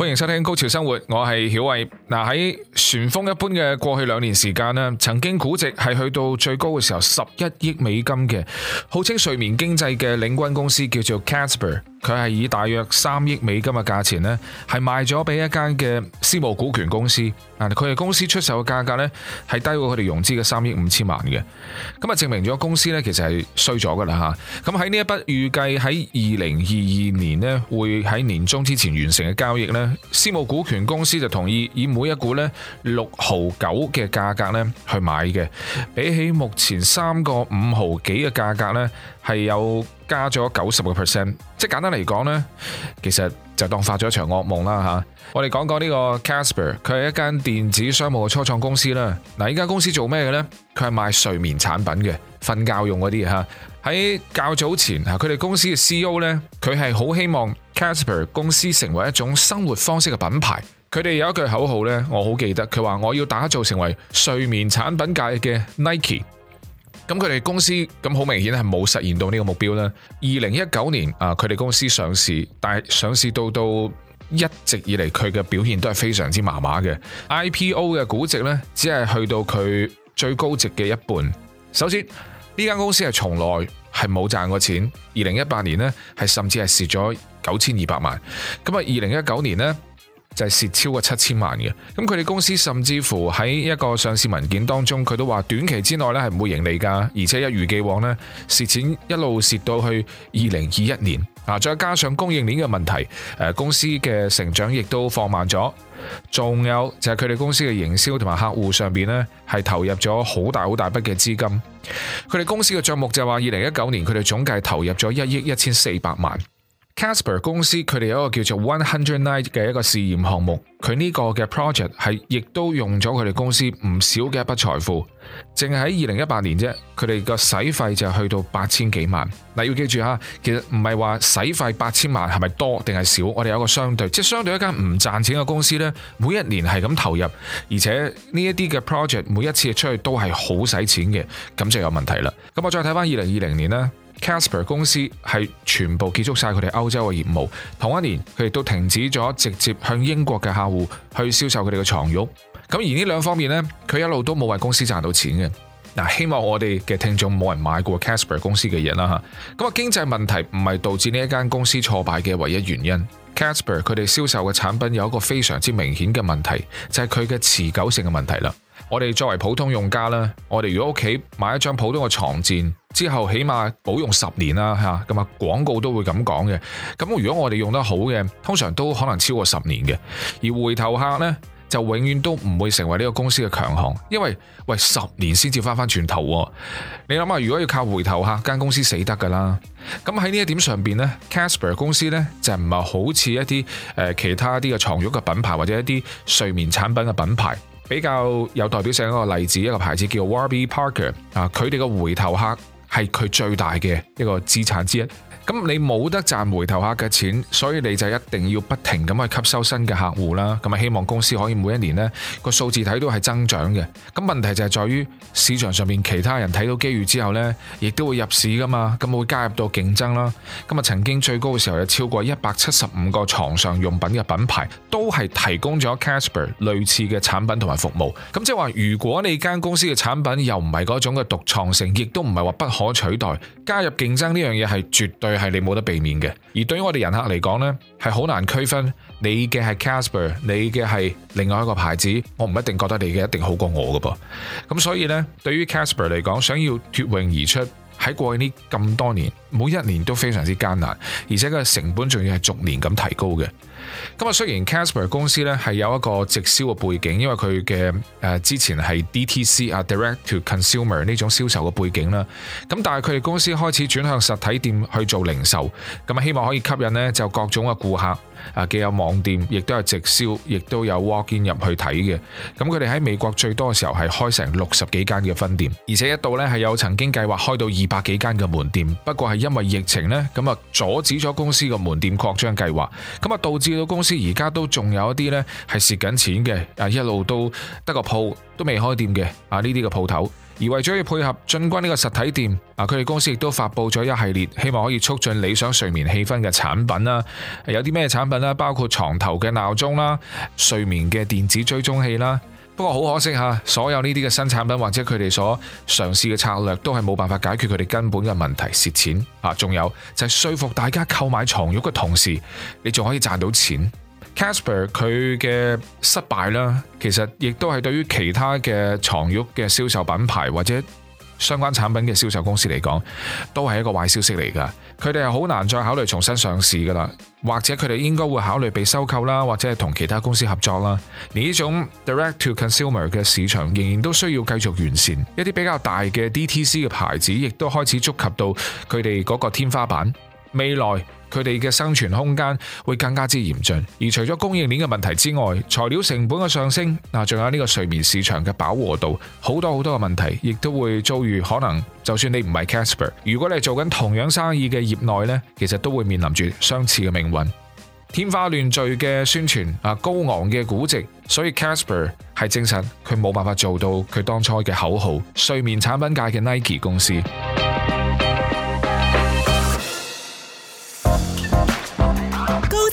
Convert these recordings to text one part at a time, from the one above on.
歡迎收聽《高潮生活》，我是，我係曉偉。嗱，喺旋風一般嘅過去兩年時間咧，曾經估值係去到最高嘅時候十一億美金嘅，號稱睡眠經濟嘅領軍公司叫做 Casper，佢係以大約三億美金嘅價錢呢係賣咗俾一間嘅私募股權公司。嗱，佢哋公司出售嘅價格呢係低過佢哋融資嘅三億五千萬嘅，咁啊證明咗公司呢其實係衰咗噶啦吓。咁喺呢一筆預計喺二零二二年呢會喺年中之前完成嘅交易呢。私募股權公司就同意以每一股呢六毫九嘅價格呢去買嘅，比起目前三個五毫幾嘅價格呢，係有。加咗九十個 percent，即係簡單嚟講呢，其實就當發咗一場惡夢啦吓。我哋講講呢個 Casper，佢係一間電子商務嘅初創公司啦。嗱，呢間公司做咩嘅呢？佢係賣睡眠產品嘅，瞓覺用嗰啲吓。喺較早前吓，佢哋公司嘅 CEO 呢，佢係好希望 Casper 公司成為一種生活方式嘅品牌。佢哋有一句口號呢，我好記得，佢話我要打造成為睡眠產品界嘅 Nike。咁佢哋公司咁好明顯係冇實現到呢個目標啦。二零一九年啊，佢哋公司上市，但係上市到到一直以嚟，佢嘅表現都係非常之麻麻嘅。IPO 嘅估值呢，只係去到佢最高值嘅一半。首先呢間公司係從來係冇賺過錢。二零一八年呢，係甚至係蝕咗九千二百萬。咁啊，二零一九年呢。就係、是、蝕超過七千萬嘅，咁佢哋公司甚至乎喺一個上市文件當中，佢都話短期之內咧係唔會盈利噶。而且一如既往呢蝕錢一路蝕到去二零二一年，啊，再加上供應鏈嘅問題，誒，公司嘅成長亦都放慢咗，仲有就係佢哋公司嘅營銷同埋客戶上邊呢係投入咗好大好大筆嘅資金，佢哋公司嘅賬目就話二零一九年佢哋總計投入咗一億一千四百萬。Casper 公司佢哋有一個叫做 One Hundred Night 嘅一個試驗項目，佢呢個嘅 project 係亦都用咗佢哋公司唔少嘅一筆財富，淨係喺二零一八年啫，佢哋個使費就去到八千幾萬。嗱，要記住吓，其實唔係話使費八千萬係咪多定係少，我哋有一個相對，即係相對一間唔賺錢嘅公司呢，每一年係咁投入，而且呢一啲嘅 project 每一次出去都係好使錢嘅，咁就有問題啦。咁我再睇翻二零二零年啦。Casper 公司係全部結束晒佢哋歐洲嘅業務，同一年佢哋都停止咗直接向英國嘅客戶去銷售佢哋嘅床褥。咁而呢兩方面呢，佢一路都冇為公司賺到錢嘅。嗱，希望我哋嘅聽眾冇人買過 Casper 公司嘅嘢啦吓。咁啊，經濟問題唔係導致呢一間公司挫敗嘅唯一原因。Casper 佢哋銷售嘅產品有一個非常之明顯嘅問題，就係佢嘅持久性嘅問題啦。我哋作為普通用家啦，我哋如果屋企買一張普通嘅床墊。之後起碼保用十年啦吓，咁啊，廣告都會咁講嘅。咁如果我哋用得好嘅，通常都可能超過十年嘅。而回頭客呢，就永遠都唔會成為呢個公司嘅強項，因為喂，十年先至翻翻轉頭。你諗下，如果要靠回頭客，間公司死得噶啦。咁喺呢一點上邊呢，Casper 公司呢，就唔係好似一啲誒其他啲嘅床褥嘅品牌或者一啲睡眠產品嘅品牌，比較有代表性一個例子，一個牌子叫 Warby Parker 啊，佢哋嘅回頭客，係佢最大嘅一個資產之一。咁你冇得賺回頭客嘅錢，所以你就一定要不停咁去吸收新嘅客戶啦。咁啊，希望公司可以每一年呢個數字睇到係增長嘅。咁問題就係在於市場上面，其他人睇到機遇之後呢，亦都會入市噶嘛。咁會加入到競爭啦。咁啊，曾經最高嘅時候有超過一百七十五個床上用品嘅品牌都係提供咗 Casper 類似嘅產品同埋服務。咁即係話，如果你間公司嘅產品又唔係嗰種嘅獨創性，亦都唔係話不，不好。可取代，加入競爭呢樣嘢，係絕對係你冇得避免嘅。而對於我哋人客嚟講呢，係好難區分你嘅係 Casper，你嘅係另外一個牌子，我唔一定覺得你嘅一定好過我噶噃。咁所以呢，對於 Casper 嚟講，想要脫穎而出，喺過去呢咁多年，每一年都非常之艱難，而且佢嘅成本仲要係逐年咁提高嘅。咁啊，雖然 Casper 公司咧係有一個直銷嘅背景，因為佢嘅、呃、之前係 DTC 啊，Direct to Consumer 呢種銷售嘅背景啦。咁但係佢哋公司開始轉向實體店去做零售，咁啊希望可以吸引呢就各種嘅顧客啊，既有網店，亦都有直銷，亦都有 Walk in 入去睇嘅。咁佢哋喺美國最多嘅時候係開成六十幾間嘅分店，而且一度呢係有曾經計劃開到二百幾間嘅門店，不過係因為疫情呢，咁啊阻止咗公司嘅門店擴張計劃，咁啊導致到，公司而家都仲有一啲呢係蝕緊錢嘅，啊一路都得個鋪都未開店嘅，啊呢啲嘅鋪頭，而為咗要配合進軍呢個實體店，啊佢哋公司亦都發布咗一系列希望可以促進理想睡眠氣氛嘅產品啦，有啲咩產品咧？包括床頭嘅鬧鐘啦，睡眠嘅電子追蹤器啦。不過好可惜吓，所有呢啲嘅新產品或者佢哋所嘗試嘅策略，都係冇辦法解決佢哋根本嘅問題蝕錢啊！仲有就係說服大家購買床褥嘅同時，你仲可以賺到錢。Casper 佢嘅失敗啦，其實亦都係對於其他嘅床褥嘅銷售品牌或者。相關產品嘅銷售公司嚟講，都係一個壞消息嚟㗎。佢哋係好難再考慮重新上市㗎喇，或者佢哋應該會考慮被收購啦，或者係同其他公司合作啦。呢種 direct to consumer 嘅市場仍然都需要繼續完善，一啲比較大嘅 DTC 嘅牌子亦都開始觸及到佢哋嗰個天花板。未來佢哋嘅生存空間會更加之嚴峻，而除咗供應鏈嘅問題之外，材料成本嘅上升，嗱，仲有呢個睡眠市場嘅飽和度，好多好多嘅問題，亦都會遭遇可能。就算你唔係 Casper，如果你做緊同樣生意嘅業內呢，其實都會面臨住相似嘅命運。天花亂墜嘅宣傳，啊，高昂嘅估值，所以 Casper 係證實佢冇辦法做到佢當初嘅口號，睡眠產品界嘅 Nike 公司。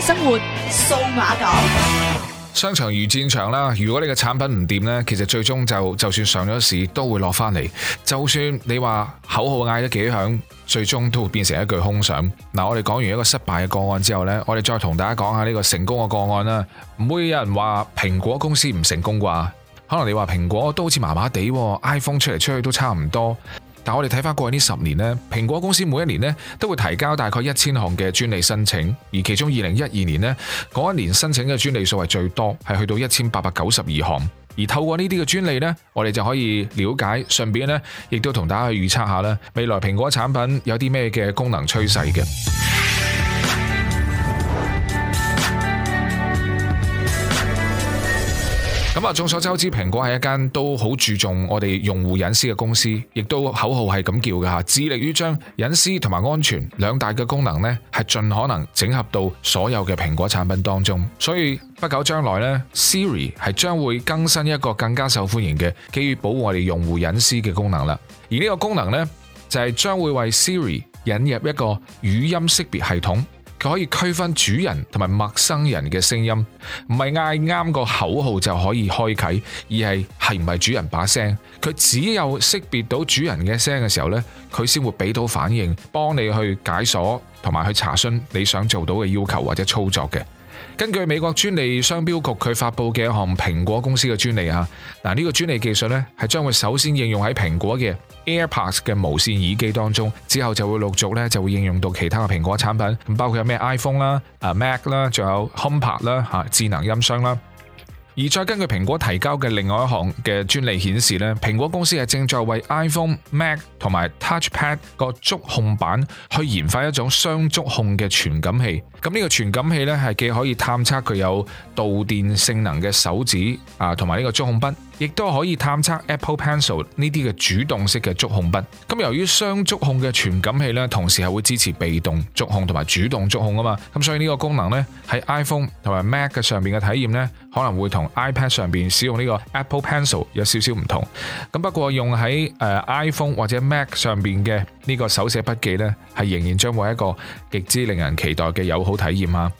生活數碼港，商場如戰場啦。如果你嘅產品唔掂呢，其實最終就就算上咗市，都會落翻嚟。就算你話口號嗌咗幾響，最終都會變成一句空想。嗱，我哋講完一個失敗嘅個案之後呢，我哋再同大家講下呢個成功嘅個案啦。唔會有人話蘋果公司唔成功啩？可能你話蘋果都好似麻麻地，iPhone 出嚟出去都差唔多。但我哋睇翻過去呢十年呢，蘋果公司每一年呢都會提交大概一千項嘅專利申請，而其中二零一二年呢，嗰一年申請嘅專利數係最多，係去到一千八百九十二項。而透過呢啲嘅專利呢，我哋就可以了解，順便呢亦都同大家去預測下啦，未來蘋果產品有啲咩嘅功能趨勢嘅。話眾所周知，蘋果係一間都好注重我哋用戶隱私嘅公司，亦都口號係咁叫嘅吓，致力於將隱私同埋安全兩大嘅功能呢係盡可能整合到所有嘅蘋果產品當中。所以不久將來呢 Siri 係將會更新一個更加受歡迎嘅，基於保護我哋用戶隱私嘅功能啦。而呢個功能呢，就係將會為 Siri 引入一個語音識別系統。佢可以區分主人同埋陌生人嘅聲音，唔係嗌啱個口號就可以開啟，而係，係唔係主人把聲？佢只有識別到主人嘅聲嘅時候咧，佢先會俾到反應，幫你去解鎖同埋去查詢你想做到嘅要求或者操作嘅。根據美國專利商標局佢發布嘅一項蘋果公司嘅專利啊，嗱、這、呢個專利技術咧係將會首先應用喺蘋果嘅。AirPods 嘅無線耳機當中，之後就會陸續咧就會應用到其他嘅蘋果產品，包括有咩 iPhone 啦、啊 Mac 啦、仲有 HomePod 啦、嚇智能音箱啦。而再根據蘋果提交嘅另外一行嘅專利顯示呢，蘋果公司係正在為 iPhone、Mac 同埋 TouchPad 個觸控板去研發一種雙觸控嘅傳感器。咁、這、呢個傳感器咧係既可以探測佢有導電性能嘅手指啊，同埋呢個觸控筆。亦都可以探測 Apple Pencil 呢啲嘅主動式嘅觸控筆。咁由於雙觸控嘅傳感器呢，同時係會支持被動觸控同埋主動觸控啊嘛。咁所以呢個功能呢，喺 iPhone 同埋 Mac 嘅上面嘅體驗呢，可能會同 iPad 上面使用呢個 Apple Pencil 有少少唔同。咁不過用喺誒 iPhone 或者 Mac 上面嘅呢個手寫筆記呢，係仍然將會一個極之令人期待嘅友好體驗啊！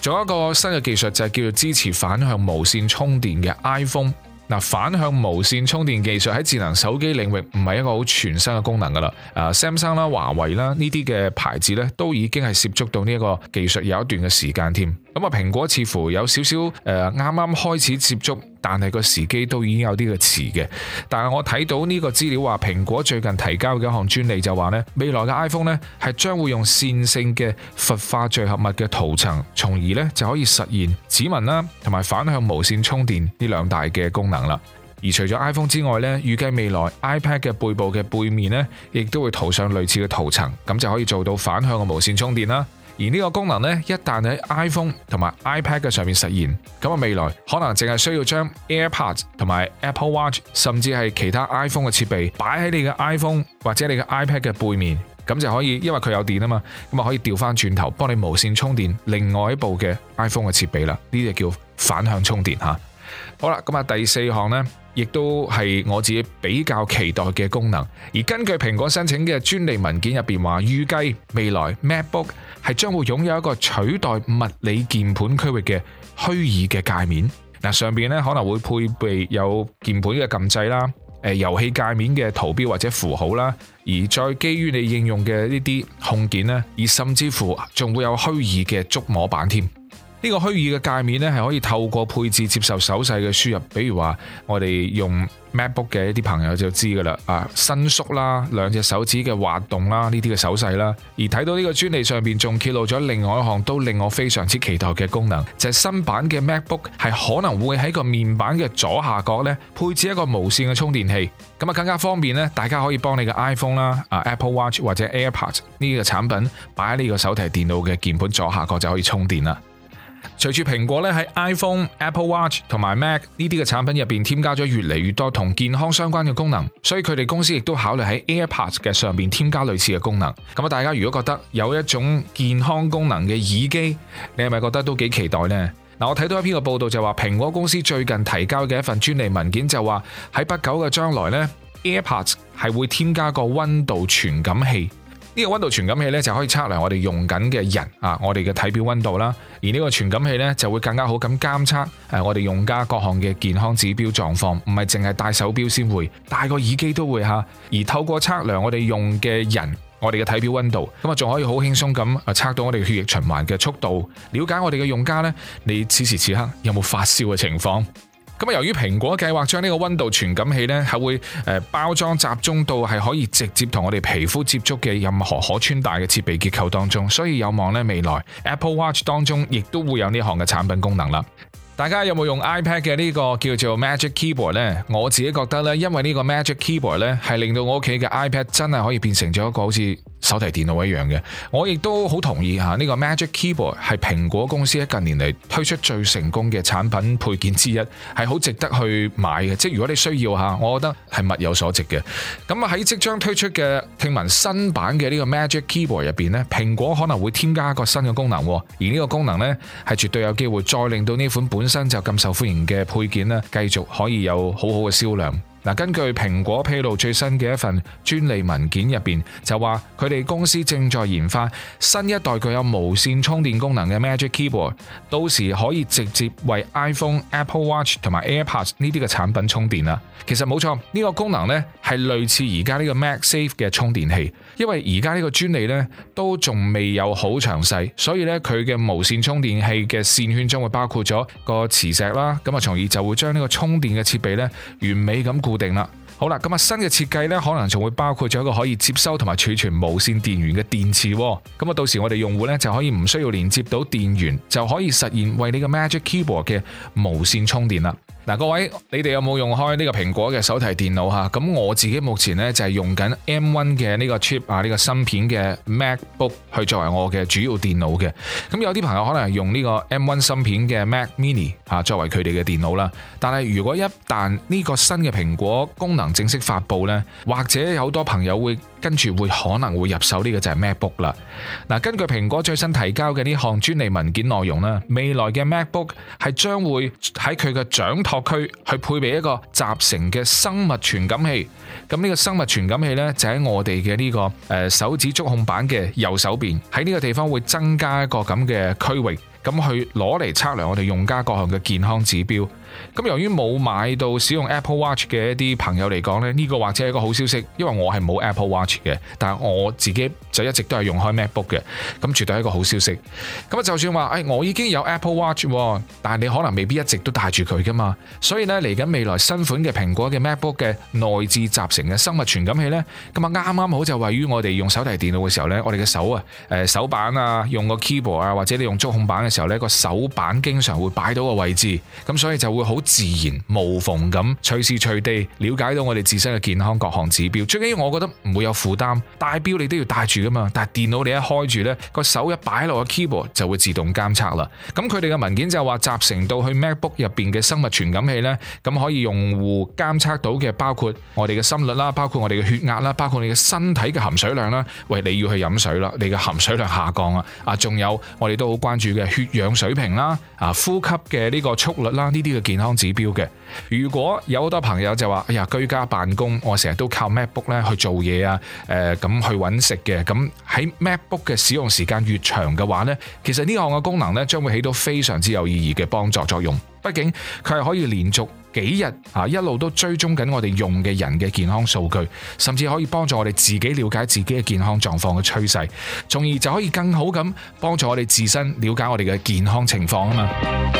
仲有一個新嘅技術就係叫做支持反向無線充電嘅 iPhone。反向無線充電技術喺智能手機領域唔係一個好全新嘅功能㗎啦，Samsung 啦、華為啦呢啲嘅牌子呢都已經係接觸到呢個技術有一段嘅時間添，咁啊，蘋果似乎有少少誒啱啱開始接觸。但係個時機都已經有啲嘅遲嘅，但係我睇到呢個資料話，蘋果最近提交嘅一項專利就話呢，未來嘅 iPhone 呢係將會用線性嘅氟化聚合物嘅塗層，從而呢就可以實現指紋啦，同埋反向無線充電呢兩大嘅功能啦。而除咗 iPhone 之外呢，預計未來 iPad 嘅背部嘅背面呢，亦都會塗上類似嘅塗層，咁就可以做到反向嘅無線充電啦。而呢個功能咧，一旦喺 iPhone 同埋 iPad 嘅上面實現，咁啊未來可能淨係需要將 AirPods 同埋 Apple Watch 甚至係其他 iPhone 嘅設備擺喺你嘅 iPhone 或者你嘅 iPad 嘅背面，咁就可以，因為佢有電啊嘛，咁啊可以調翻轉頭幫你無線充電另外一部嘅 iPhone 嘅設備啦，呢啲就叫反向充電吓。好啦，咁啊第四項咧。亦都係我自己比較期待嘅功能。而根據蘋果申請嘅專利文件入邊話，預計未來 MacBook 係將會擁有一個取代物理鍵盤區域嘅虛擬嘅界面。嗱，上邊咧可能會配備有鍵盤嘅撳掣啦，誒遊戲界面嘅圖標或者符號啦，而再基於你應用嘅呢啲控件呢，而甚至乎仲會有虛擬嘅觸摸板添。呢個虛擬嘅界面咧，係可以透過配置接受手勢嘅輸入，比如話我哋用 MacBook 嘅一啲朋友就知噶啦，啊伸縮啦，兩隻手指嘅滑動啦，呢啲嘅手勢啦。而睇到呢個專利上面仲揭露咗另外一項都令我非常之期待嘅功能，就係新版嘅 MacBook 係可能會喺個面板嘅左下角咧配置一個無線嘅充電器，咁啊更加方便咧，大家可以幫你嘅 iPhone 啦、啊 Apple Watch 或者 AirPods 呢個產品擺喺呢個手提電腦嘅鍵盤左下角就可以充電啦。隨住蘋果咧喺 iPhone、Apple Watch 同埋 Mac 呢啲嘅產品入邊添加咗越嚟越多同健康相關嘅功能，所以佢哋公司亦都考慮喺 AirPods 嘅上邊添加類似嘅功能。咁啊，大家如果覺得有一種健康功能嘅耳機，你係咪覺得都幾期待呢？嗱，我睇到一篇個報道就話，蘋果公司最近提交嘅一份專利文件就話，喺不久嘅將來呢，AirPods 係會添加個溫度傳感器。呢個溫度傳感器咧就可以測量我哋用緊嘅人啊，我哋嘅體表溫度啦，而呢個傳感器咧就會更加好咁監測誒我哋用家各項嘅健康指標狀況，唔係淨係戴手錶先會，戴個耳機都會吓，而透過測量我哋用嘅人，我哋嘅體表溫度，咁啊仲可以好輕鬆咁啊測到我哋嘅血液循環嘅速度，了解我哋嘅用家咧，你此時此刻有冇發燒嘅情況？咁由於蘋果計劃將呢個溫度傳感器呢係會誒包裝集中到係可以直接同我哋皮膚接觸嘅任何可穿戴嘅設備結構當中，所以有望呢未來 Apple Watch 當中亦都會有呢項嘅產品功能啦。大家有冇用 iPad 嘅呢個叫做 Magic Keyboard 呢？我自己覺得呢，因為呢個 Magic Keyboard 呢，係令到我屋企嘅 iPad 真係可以變成咗一個好似。手提電腦一樣嘅，我亦都好同意下。呢個 Magic Keyboard 係蘋果公司喺近年嚟推出最成功嘅產品配件之一，係好值得去買嘅。即係如果你需要下，我覺得係物有所值嘅。咁啊喺即將推出嘅聽聞新版嘅呢個 Magic Keyboard 入面呢，蘋果可能會添加一個新嘅功能，而呢個功能呢，係絕對有機會再令到呢款本身就咁受歡迎嘅配件呢，繼續可以有好好嘅銷量。嗱，根據蘋果披露最新嘅一份專利文件入邊，就話佢哋公司正在研發新一代具有無線充電功能嘅 Magic Keyboard，到時可以直接為 iPhone、Apple Watch 同埋 AirPods 呢啲嘅產品充電啦。其實冇錯，呢、這個功能咧係類似而家呢個 MagSafe 嘅充電器，因為而家呢個專利咧都仲未有好詳細，所以咧佢嘅無線充電器嘅線圈將會包括咗個磁石啦，咁啊，從而就會將呢個充電嘅設備咧完美咁。固定啦，好啦，咁啊新嘅設計咧，可能仲會包括咗一個可以接收同埋儲存無線電源嘅電池，咁啊到時我哋用戶咧就可以唔需要連接到電源，就可以實現為你個 Magic Keyboard 嘅無線充電啦。嗱，各位，你哋有冇用開呢個蘋果嘅手提電腦吓？咁我自己目前呢，就係用緊 M1 嘅呢個 chip 啊，呢個芯片嘅 MacBook 去作為我嘅主要電腦嘅。咁有啲朋友可能係用呢個 M1 芯片嘅 Mac Mini 啊作為佢哋嘅電腦啦。但係如果一旦呢個新嘅蘋果功能正式發佈呢，或者有好多朋友會跟住會可能會入手呢個就係 MacBook 啦。嗱，根據蘋果最新提交嘅呢項專利文件內容啦，未來嘅 MacBook 係將會喺佢嘅掌托，區去配備一個集成嘅生物傳感器，咁呢個生物傳感器呢，就喺我哋嘅呢個誒、呃、手指觸控板嘅右手邊，喺呢個地方會增加一個咁嘅區域，咁去攞嚟測量我哋用家各項嘅健康指標。咁由於冇買到使用 Apple Watch 嘅一啲朋友嚟講呢，呢個或者係一個好消息，因為我係冇 Apple Watch 嘅，但係我自己就一直都係用開 MacBook 嘅，咁絕對係一個好消息。咁啊，就算話誒、哎、我已經有 Apple Watch，但係你可能未必一直都戴住佢噶嘛，所以呢，嚟緊未來新款嘅蘋果嘅 MacBook 嘅內置集成嘅生物傳感器呢，咁啊啱啱好就位於我哋用手提電腦嘅時候呢，我哋嘅手啊，誒手板啊，用個 keyboard 啊，或者你用觸控板嘅時候呢，個手板經常會擺到個位置，咁所以就會。會好自然無縫咁，隨時隨地了解到我哋自身嘅健康各項指標。最緊要我覺得唔會有負擔，戴錶你都要戴住㗎嘛。但係電腦你一開住呢個手一擺落個 keyboard 就會自動監測啦。咁佢哋嘅文件就話集成到去 MacBook 入邊嘅生物傳感器呢，咁可以用戶監測到嘅包括我哋嘅心率啦，包括我哋嘅血壓啦，包括你嘅身體嘅含水量啦。喂，你要去飲水啦，你嘅含水量下降啊。啊，仲有我哋都好關注嘅血氧水平啦，啊，呼吸嘅呢個速率啦，呢啲嘅。健康指標嘅，如果有好多朋友就話，哎呀，居家辦公，我成日都靠 MacBook 咧去做嘢啊，誒、呃，咁去揾食嘅，咁喺 MacBook 嘅使用時間越長嘅話呢，其實呢項嘅功能呢，將會起到非常之有意義嘅幫助作用。畢竟佢係可以連續幾日啊一路都追蹤緊我哋用嘅人嘅健康數據，甚至可以幫助我哋自己了解自己嘅健康狀況嘅趨勢，從而就可以更好咁幫助我哋自身了解我哋嘅健康情況啊嘛。